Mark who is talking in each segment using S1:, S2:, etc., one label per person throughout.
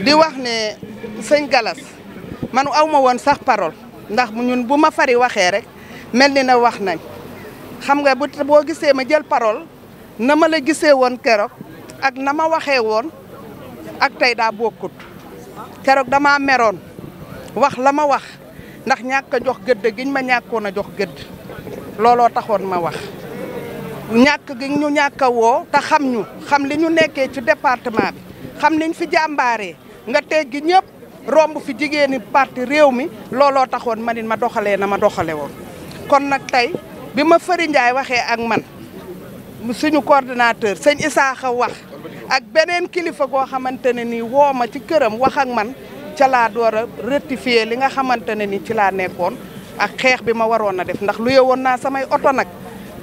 S1: di wax ne sëñ Galas man awma woon sax parol ndax ñun bu ma fari waxee rek mel ni na wax nañ xam nga bu boo gisee ma jël parole na ma la gisee woon keroog ak na ma waxe woon ak tey daa bokkut keroog damaa meroon wax la ma wax ndax ñàkk jox gëdd giñ ma ñàkkoon a jox gëdd looloo taxoon ma wax ñàkk gi ñu ñàkk woo te xam ñu xam li ñu nekkee ci département bi xam liñ fi jàmbaaree nga gi ñëpp romb fi jigéeni parti réew mi looloo taxoon ma nit ma doxalee na ma doxale woon kon nag tey bi ma Fary Ndiaye waxee ak man suñu coordinateur sëñ Isaaxa wax ak beneen kilifa goo xamante ne nii woo ma ci këram wax man ca laa door a li nga xamante ne ni ci laa nekkoon ak xeex bi ma waroon a def ndax lu yewoon naa samay oto nag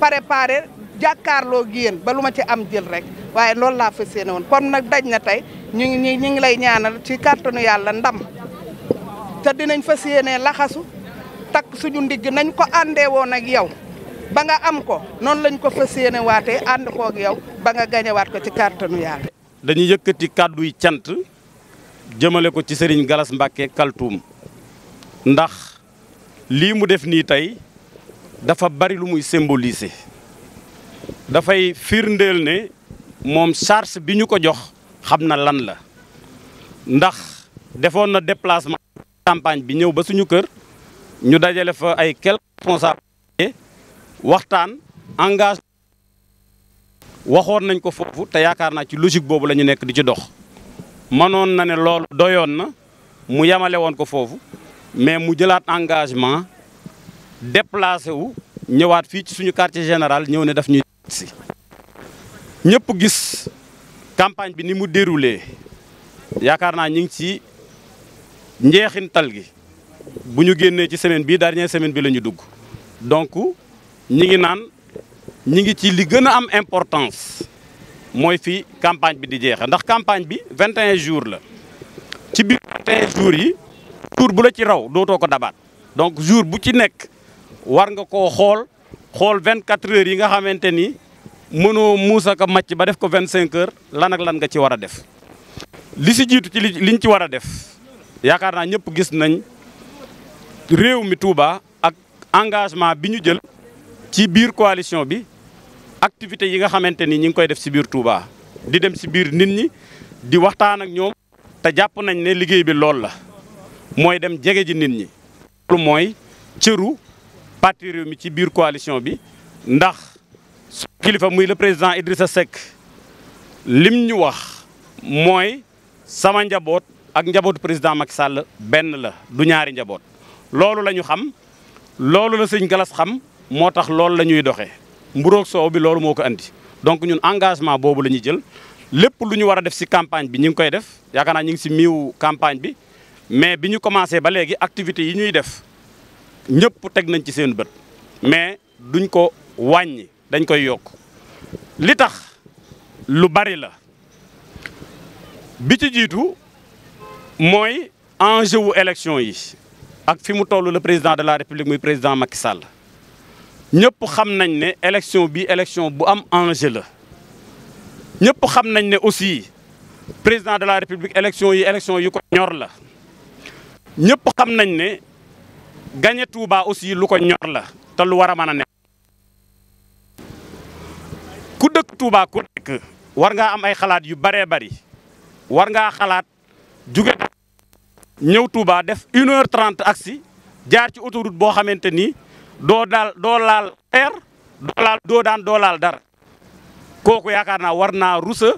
S1: préparé jàkkaarloo gi yéen ba lu ma ci am jël rek waaye loolu laa fas yéene woon comme nag daj na tey ñu ngi ñu ñu ngi lay ñaanal ci kàttanu yàlla ndam te dinañ fas yéene laxasu takk suñu ndigg nañ ko àndee woon ak yow ba nga am ko noonu lañ ko fas yéene waatee ànd ko ak yow ba nga gañewaat ko ci kàttanu yàlla.
S2: dañuy yëkkati kàddu yi cant jëmale ko ci sëriñ Galas Mbàkke Kaltuum ndax lii mu def nii tey dafa bari lu muy symboliser. dafay firndeel ne moom charge bi ñu ko jox xam na lan la ndax defoon na déplacement campagne bi ñëw ba suñu kër ñu dajale fa ay quelques responsables waxtaan engagé waxoon nañ ko foofu te yaakaar naa ci logique boobu la ñu nekk di ci dox mënoon na ne loolu doyoon na mu yamale woon ko foofu mais mu jëlaat engagement déplacé wu ñëwaat fii ci suñu quartier général ñëw ne daf ñuy si ñëpp gis campagne bi ni mu déroulé yaakaar naa ñu ngi ci njeexintal gi bu ñu génnee ci semaine bi dernière semaine bi lañu dugg donc ñi ngi naan ñi ngi ci li gën a am importance mooy fi campagne bi di jeexe ndax campagne bi 21 jours la ci biir 21 yi jour bu la ci raw dootoo ko dabaat donc jour bu ci nekk war nga ko xool xool 24 heures yi nga xamante ni mënoo muus ak a màcc ba def ko vingt cinq heures lan lan nga ci war a def li si jiitu ci li liñ ci war a def yaakaar naa ñëpp gis nañ réew mi Touba ak engagement bi ñu jël ci biir coalition bi activités yi nga xamante ni ñu ngi koy def si biir Touba di dem si biir nit ñi di waxtaan ak ñoom te jàpp nañ ne liggéey bi loolu la mooy dem jege ji nit ñi loolu mooy cëru parti réew mi ci biir coalition bi ndax kilifa muy le président Idrissa sec lim ñu wax mooy sama njaboot ak njabootu président Macky sàll benn la du ñaari njaboot loolu la ñu xam loolu la sëñ galas xam moo tax loolu la ñuy doxee mburoog soow bi loolu moo ko indi donc ñun engagement boobu la ñuy jël lépp lu ñu war a def ci campagne bi ñu ngi koy def yaakaar naa ñu ngi si miiw campagne bi mais bi ñu commencé ba léegi activités yi ñuy def ñëpp teg nañ ci seen bët mais duñ ko wàññi dañ koy yokk li tax lu bari la bi ci jiitu mooy enjeu wu élection yi ak fi mu toll le président de la république muy président Macky Sall ñëpp xam nañ ne élection bi élection bu am enjeu la ñëpp xam nañ ne aussi président de la république élection yi élection yi ko ñor la ñëpp xam nañ ne gagné Touba aussi lu ko ñor la te lu war a mën a nekk ku dëkk Touba ku war ngaa am ay xalaat yu baree bari war ngaa xalaat juge ñëw Touba def une heure trente aksi jaar ci autoroute boo xamante ni doo daal doo laal air daan doo dara kooku yaakaar naa war naa rusa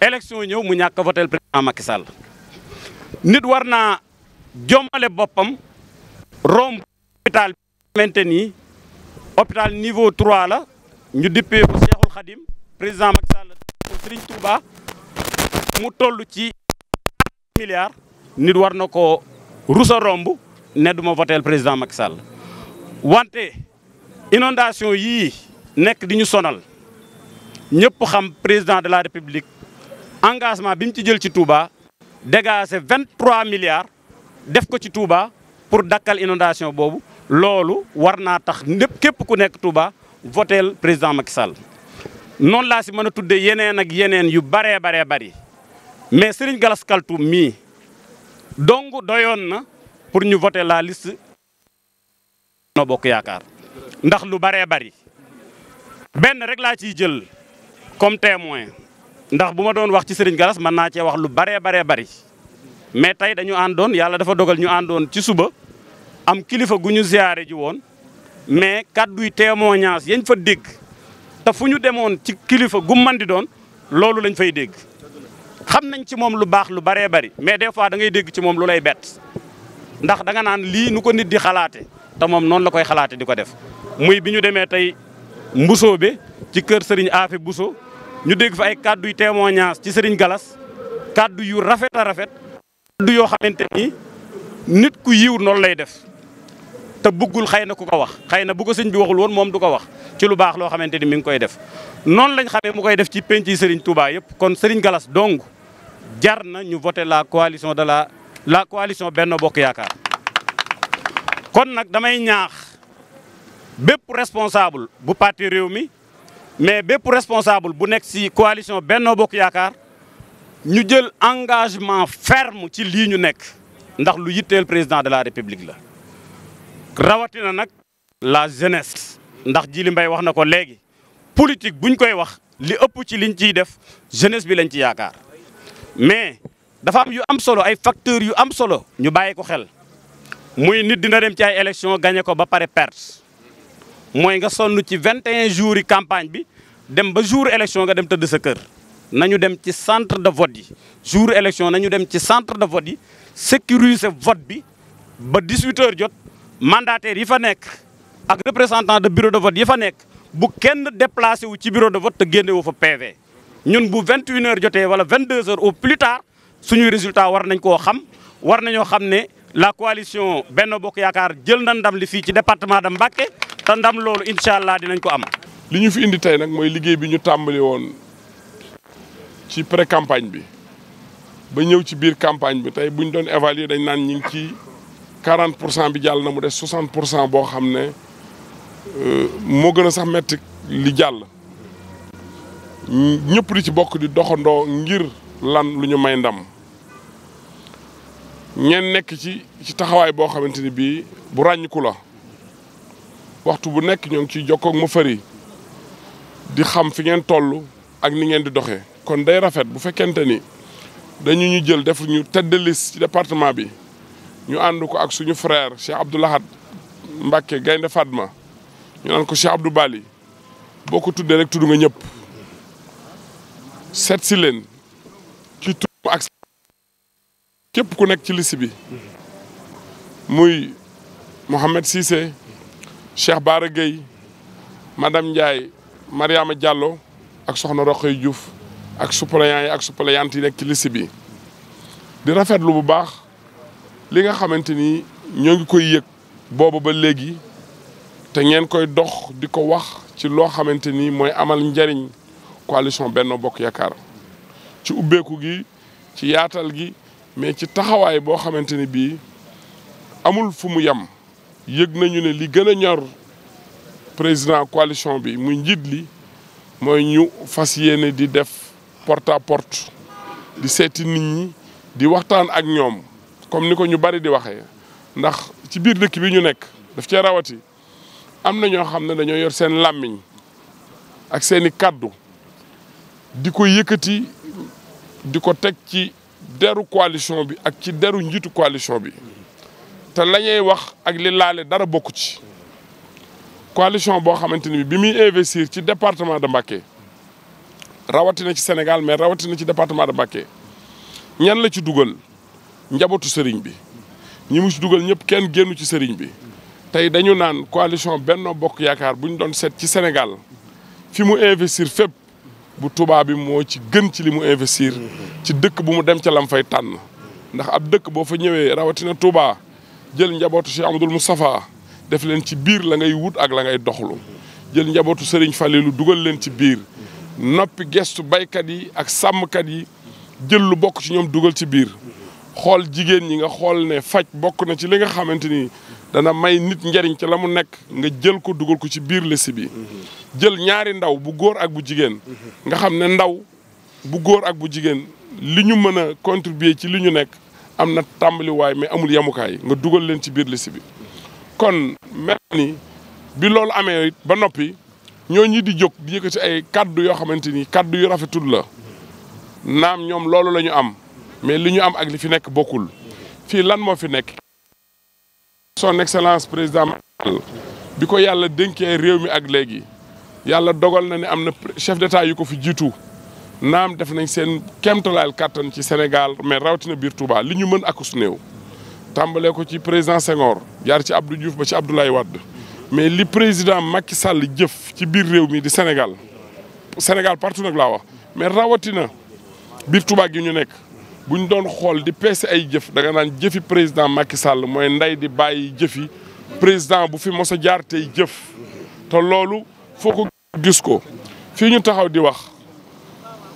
S2: élection ñëw mu ñàkk votel président Macky nit war naa jommale boppam romb hôpital bi ni hôpital niveau 3 la ñu dippee ko Khadim président Macky Sall Serigne Touba mu toll ci milliards nit war na ko rusa romb ne du ma voteel président Macky Sall wante inondation yii nekk di ñu sonal ñëpp xam président de la république engagement bi ci jël ci Touba dégager vingt trois milliards def ko ci Touba pour dakkal inondation boobu loolu war naa tax ndépp képp ku nekk Touba voteel président Macky noonu laa si mën a tuddee yeneen ak yeneen yu baree baree bari mais Serigne Gallas Kaltoum mii dong doyoon na pour ñu vote la liste noo bokk yaakaar ndax lu baree bari benn rek laa ciy jël comme témoin ndax bu ma doon wax ci Serigne galas man naa cee wax lu baree baree bari mais tey dañu àndoon yàlla dafa dogal ñu àndoon ci suba am kilifa gu ñu ziyaare ji woon mais kàdduy témoignage yañ fa dégg te fu ñu demoon ci kilifa gu man di doon loolu lañ fay dégg xam nañ ci moom lu baax lu baree bari mais des fois da ngay dégg ci moom lu lay ndax danga naan lii nu ko nit di xalaate te moom noonu la koy xalaate di ko def muy bi ñu demee tey mbusoo bi ci kër sëriñ Afe Bousso ñu dégg fa ay kàddu yu témoignage ci Serigne Galas kàddu yu rafet a rafet kàddu yoo xamante ni nit ku yiw noonu lay def te buggul xëy na ku ko wax xëy na bu ko sëñ bi waxul woon moom du ko wax ci lu baax loo xamante ni mi ngi koy def noonu lañ xamee mu koy def ci penc yi Serigne Touba yëpp kon Serigne Galas donc jar na ñu voté la coalition de la la coalition Benno Bokk Yaakaar kon nag damay ñaax bépp responsable bu parti réew mi mais bépp responsable bu nekk si coalition Benno Bokk Yaakaar ñu jël engagement ferme ci lii ñu nekk ndax lu yitteel président de la république la rawatina nag la jeunesse ndax Djily Mbaye wax na ko léegi politique buñ koy wax li ëpp ci liñ ciy def jeunesse bi lañ ci yaakaar mais dafa am yu am solo ay facteurs yu am solo ñu bàyyi ko xel muy nit dina dem ci ay élection gagné ko ba pare perte mooy nga sonn ci 21 jours yi campagne bi dem ba jour élection nga dem tëdd sa kër nañu dem ci centre de vote yi jour élection nañu dem ci centre de vote yi sécuriser vote bi ba 18 heures jot mandataires yi fa nekk ak représentant de bureau de vote yi fa nekk bu kenn déplacé wu ci bureau de vote te génne wu fa PV ñun bu 21h jotee wala 22h au plus tard suñuy résultat war nañ koo xam war nañoo xam ne la coalition benn Bokk Yaakaar jël na ndam li fii ci département de Mbacké te ndam loolu incha allah dinañ ko am.
S3: li ñu fi indi tey nag mooy liggéey bi ñu tàmbali woon ci pré campagne bi ba ñëw ci biir campagne bi bu ñu doon évaluer dañ naan ñi ngi ci. 40 pour cent bi jàll na mu des 60 pour cent boo xam ne euh, moo gën a sax metti li jàll ñëpp di ci bokk di doxandoo ngir lan lu ñu may ndam ñeen nekk ci ci taxawaay boo xamante ni bii bu ràññiku la waxtu bu nekk ñoo ngi ciy jokkoog ma fëri di xam fi ngeen tollu ak ni ngeen di doxee kon day rafet bu fekkente ni dañu ñu jël def ñu tedd ci département bi ñu ànd ko ak suñu frère Cheikh Abdou Lahad Mbacké Gaynde Fatma ñu naan ko Cheikh Abdou Bali boo ko tuddee rek tudd nga ñëpp seet si leen ci tudd képp ku nekk ci liste bi muy Mohamed Cissé Cheikh Bara Gueye madame Ndiaye Mariama Diallo ak soxna Roqay juuf ak suppléants yi ak suppléantes yi nekk ci liste bi di rafetlu bu baax li nga xamante ni ñoo ngi koy yëg boobu ba léegi te ngeen koy dox di ko wax ci loo xamante ni mooy amal njariñ coalition benn Bokk Yaakaar ci ubbeeku gi ci yaatal gi mais ci taxawaay boo xamante ni bii amul fu mu yem yëg nañu ne li gën a ñor président coalition bi mu njiit li mooy ñu fas yéene di def porte à porte di seeti nit ñi di waxtaan ak ñoom comme ni ko ñu bari di waxee ndax ci biir dëkk bi ñu nekk daf cee rawati am na ñoo xam ne dañoo yor seen làmmiñ ak seeni kàddu di ko yëkkati di ko teg ci deru coalition bi ak ci deru njiitu coalition bi te la wax ak li laale dara bokku ci coalition boo xamante ni bi muy investir ci département de Mbacké rawatina ci senegal mais rawatina ci département de Mbacké ñan la ci dugal njabootu sëriñ bi ñi mu ci dugal ñëpp kenn génnu ci sëriñ bi tey dañu naan coalition benn Bokk Yaakaar bu ñu doon seet ci senegal fi mu investir fépp bu Touba bi moo ci gën ci li mu investir ci dëkk bu mu dem ca lam fay tànn ndax ab dëkk boo fa ñëwee rawatina Touba jël njabootu Cheikh mu Moustapha def leen ci biir la ngay wut ak la ngay doxlu jël njabootu Serigne Fallilou dugal leen ci biir noppi gestu baykat yi ak sàmmkat yi jël lu bokk ci ñoom dugal ci biir xool jigéen ñi nga xool ne faj bokk na ci li nga xamante ni dana may nit njariñ ci la mu nekk nga jël ko dugal ko ci biir liste bi jël ñaari ndaw bu góor ak bu jigéen nga xam ne ndaw bu góor ak bu jigéen li ñu mën a contribuer ci li ñu nekk am na tàmbaliwaay mais amul yemukaay nga dugal leen ci biir liste bi kon mel ni bi loolu amee ba noppi ñoo ñi di jóg di yëkkati ay kàddu yoo xamante ni kaddu yu rafetul la naam ñoom loolu lañu am mais li ñu am ak li fi nekk bokkul fii lan moo fi nekk son excellence président bi ko yàlla dénkee réew mi ak léegi yàlla dogal na ne am na chef d'état yi ko fi jiitu naam def nañ seen kemtalaal kattan ci Sénégal mais rawatina biir Touba li ñu mën ak su néew tàmbalee ko ci président Senghor jaar ci Abdou Diouf ba ci Abdoulaye Wade mais li président Macky Sall jëf ci biir réew mi di Sénégal Sénégal partout nag laa wax mais rawatina biir Touba gi ñu nekk bu ñu doon xool di peese ay jëf da nga naan jëfi président Macky Sall mooy nday di bàyyi jëfi président bu fi mos a jaar tey jëf te loolu foo ko gis ko fii ñu taxaw di wax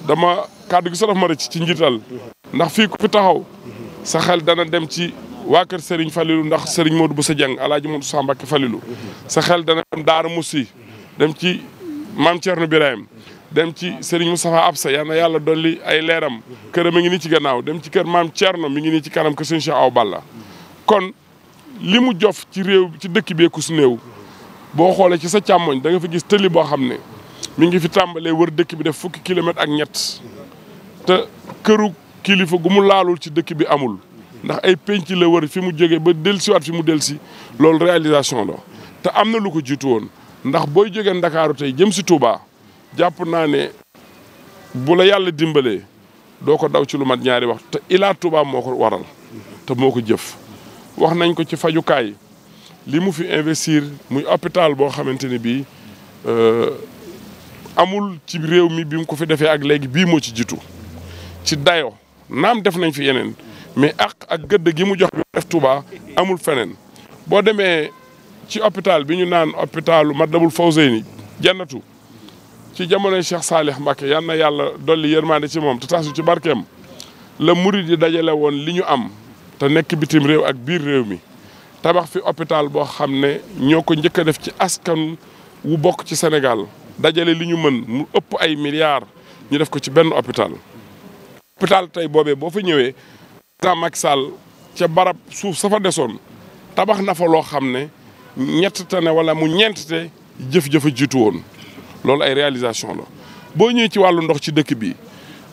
S3: dama kàddu gi sax ma rëcc ci njiital ndax fii ku taxaw sa xel dana dem ci waa kër Serigne Falilou ndax Serigne Modou Bousso Dieng El Hadj Modou Samba Mbacke Falilou sa xel dana dem Daara Moussi dem ci Mame Thierno Birahim dem ci Serigne Moustapha Absa yal na yàlla dolli ay leeram këram mi ngi nii ci gannaaw dem ci kër maam Thierno mi ngi nii ci kanam kër Serigne Cheikh Awa Balla kon li mu jof ci réew ci dëkk bee ku néew boo xoolee ci sa càmmoñ da nga fi gis tëli boo xam ne mi ngi fi tàmbalee wër dëkk bi def fukki kilomètre ak ñett te këru kilifa gu mu laalul ci dëkk bi amul ndax ay penc la wër fi mu jógee ba dellusiwaat fi mu dellusi loolu réalisation la te am na lu ko jiitu woon ndax boo jógee Ndakaaru tey jëm si Touba. jàpp naa ne bu yàlla dimbalee doo ko daw ci lu mat ñaari wax te Ila Touba moo ko waral te moo ko jëf wax nañ ko ci fajukaay li mu fi investir muy hôpital boo xamante ne bii euh, amul ci réew mi bi mu ko fi defee ak léegi bii moo ci jiitu ci dayo naam def nañ fi yeneen mais ak ak gëdd gi mu jox bi def Touba amul feneen boo demee ci hôpital bi ñu naan hôpitalu Matlaboul ni jannatu ci jamonoy Cheikh Salih Mbacké yan na yàlla dolli yërmaande ci moom te tasu ci barkeem la muri di dajale woon li ñu am te nekk bitim réew ak biir réew mi tabax fi hôpital boo xam ne ñoo ko njëkk a def ci askan wu bokk ci Sénégal dajale li ñu mën mu ëpp ay milliards ñu def ko ci benn hôpital. hôpital tey boobee boo fa ñëwee président Macky Sall ca barab suuf sa fa desoon tabax na loo xam ne ñett te ne wala mu ñeent te jëf-jëf a jiitu woon. loolu ay réalisation la boo ñëwee ci wàllu ndox ci dëkk bi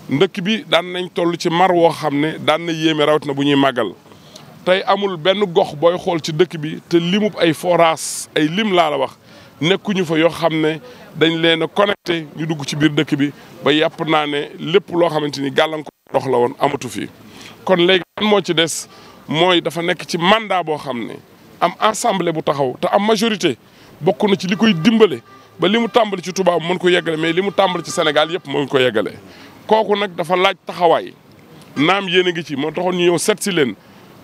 S3: ndëkk bi daan nañ toll ci mar woo xam ne daan na yéeme na bu ñuy màggal tey amul benn gox booy xool ci dëkk bi te limub ay forage ay lim laa la wax nekkuñu fa yoo xam ne dañ leen a connecté ñu dugg ci biir dëkk bi ba yàpp naa ne lépp loo xamante ni gàllankoor ndox la woon amatu fi. kon léegi ci des mooy dafa nekk ci mandat boo xam ne am assemblée bu taxaw te am majorité bokk na ci li koy dimbale. ba li mu tàmbali ci tubaab mën ko yeggale mais li mu tàmbali ci Sénégal yëpp mën ko yeggale kooku nag dafa laaj taxawaay naam yéen a ngi ci moo taxoon ñu yow seet si leen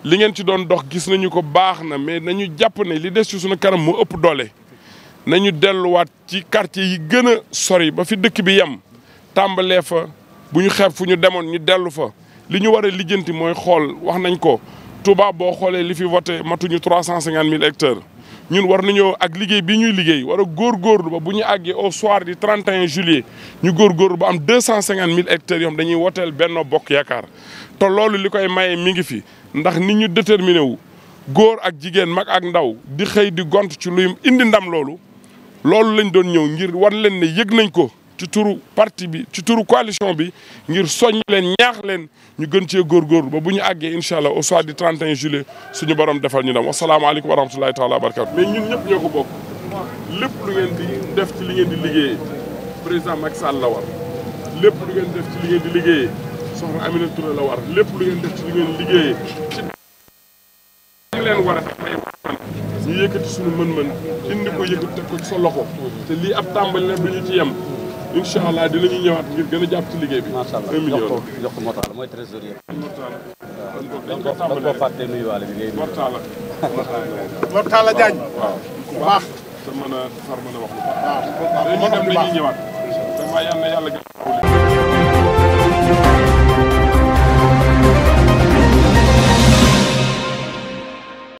S3: li ngeen ci doon dox gis nañu ko baax na mais nañu jàpp ne li des ci suñu kanam mu ëpp doole na ñu delluwaat ci quartier yi gën a sori ba fi dëkk bi yem tàmbalee fa bu ñu xeeb fu ñu demoon ñu dellu fa li ñu war a lijjanti mooy xool wax nañ ko Touba boo xoolee li fi voté matuñu trois cent cinquante mille hectares ñun war nañoo ak liggéey bi ñuy liggéey war a góorgóorlu ba bu ñu àggee au soir du 31 juillet ñu góorgóorlu ba am 250 000 hectares yoo xam dañuy woteel Benno Bokk Yaakaar te loolu li koy maye mi ngi fi ndax nit ñu déterminé wu góor ak jigéen mag ak ndaw di xëy di gont ci luy indi ndam loolu loolu lañ doon ñëw ngir wan leen ne yëg nañ ko. ci turu parti bi ci turu coalition bi ngir soññ leen ñaax leen ñu gën cee góorgóorlu ba bu ñu àggee incha allah au soir du 31 juillet suñu borom defal ñu dem wasalaamaaleykum wa rahmatulahi taala wa barakatu mais ñun ñëpp ñoo ko bokk lépp lu ngeen di def ci li ngeen di liggéeyee président Macky Sall la war lépp lu ngeen def di liggéeyee soxna a ñu ko te lii ab tàmbali la bu ñu ci yem incha allah dinañu ñëwaat ngir gën a jàpp ci liggéey bi. macha allah jox ko jox ko Mortala mooy trésorier. Mortala waaw da nga koo fàtte nuyuwaale bi ngay nuyu. Mortala Mortala Diagne. te mën a far a wax lu baax. waaw bu baax dañuy ñëwaat. vraiment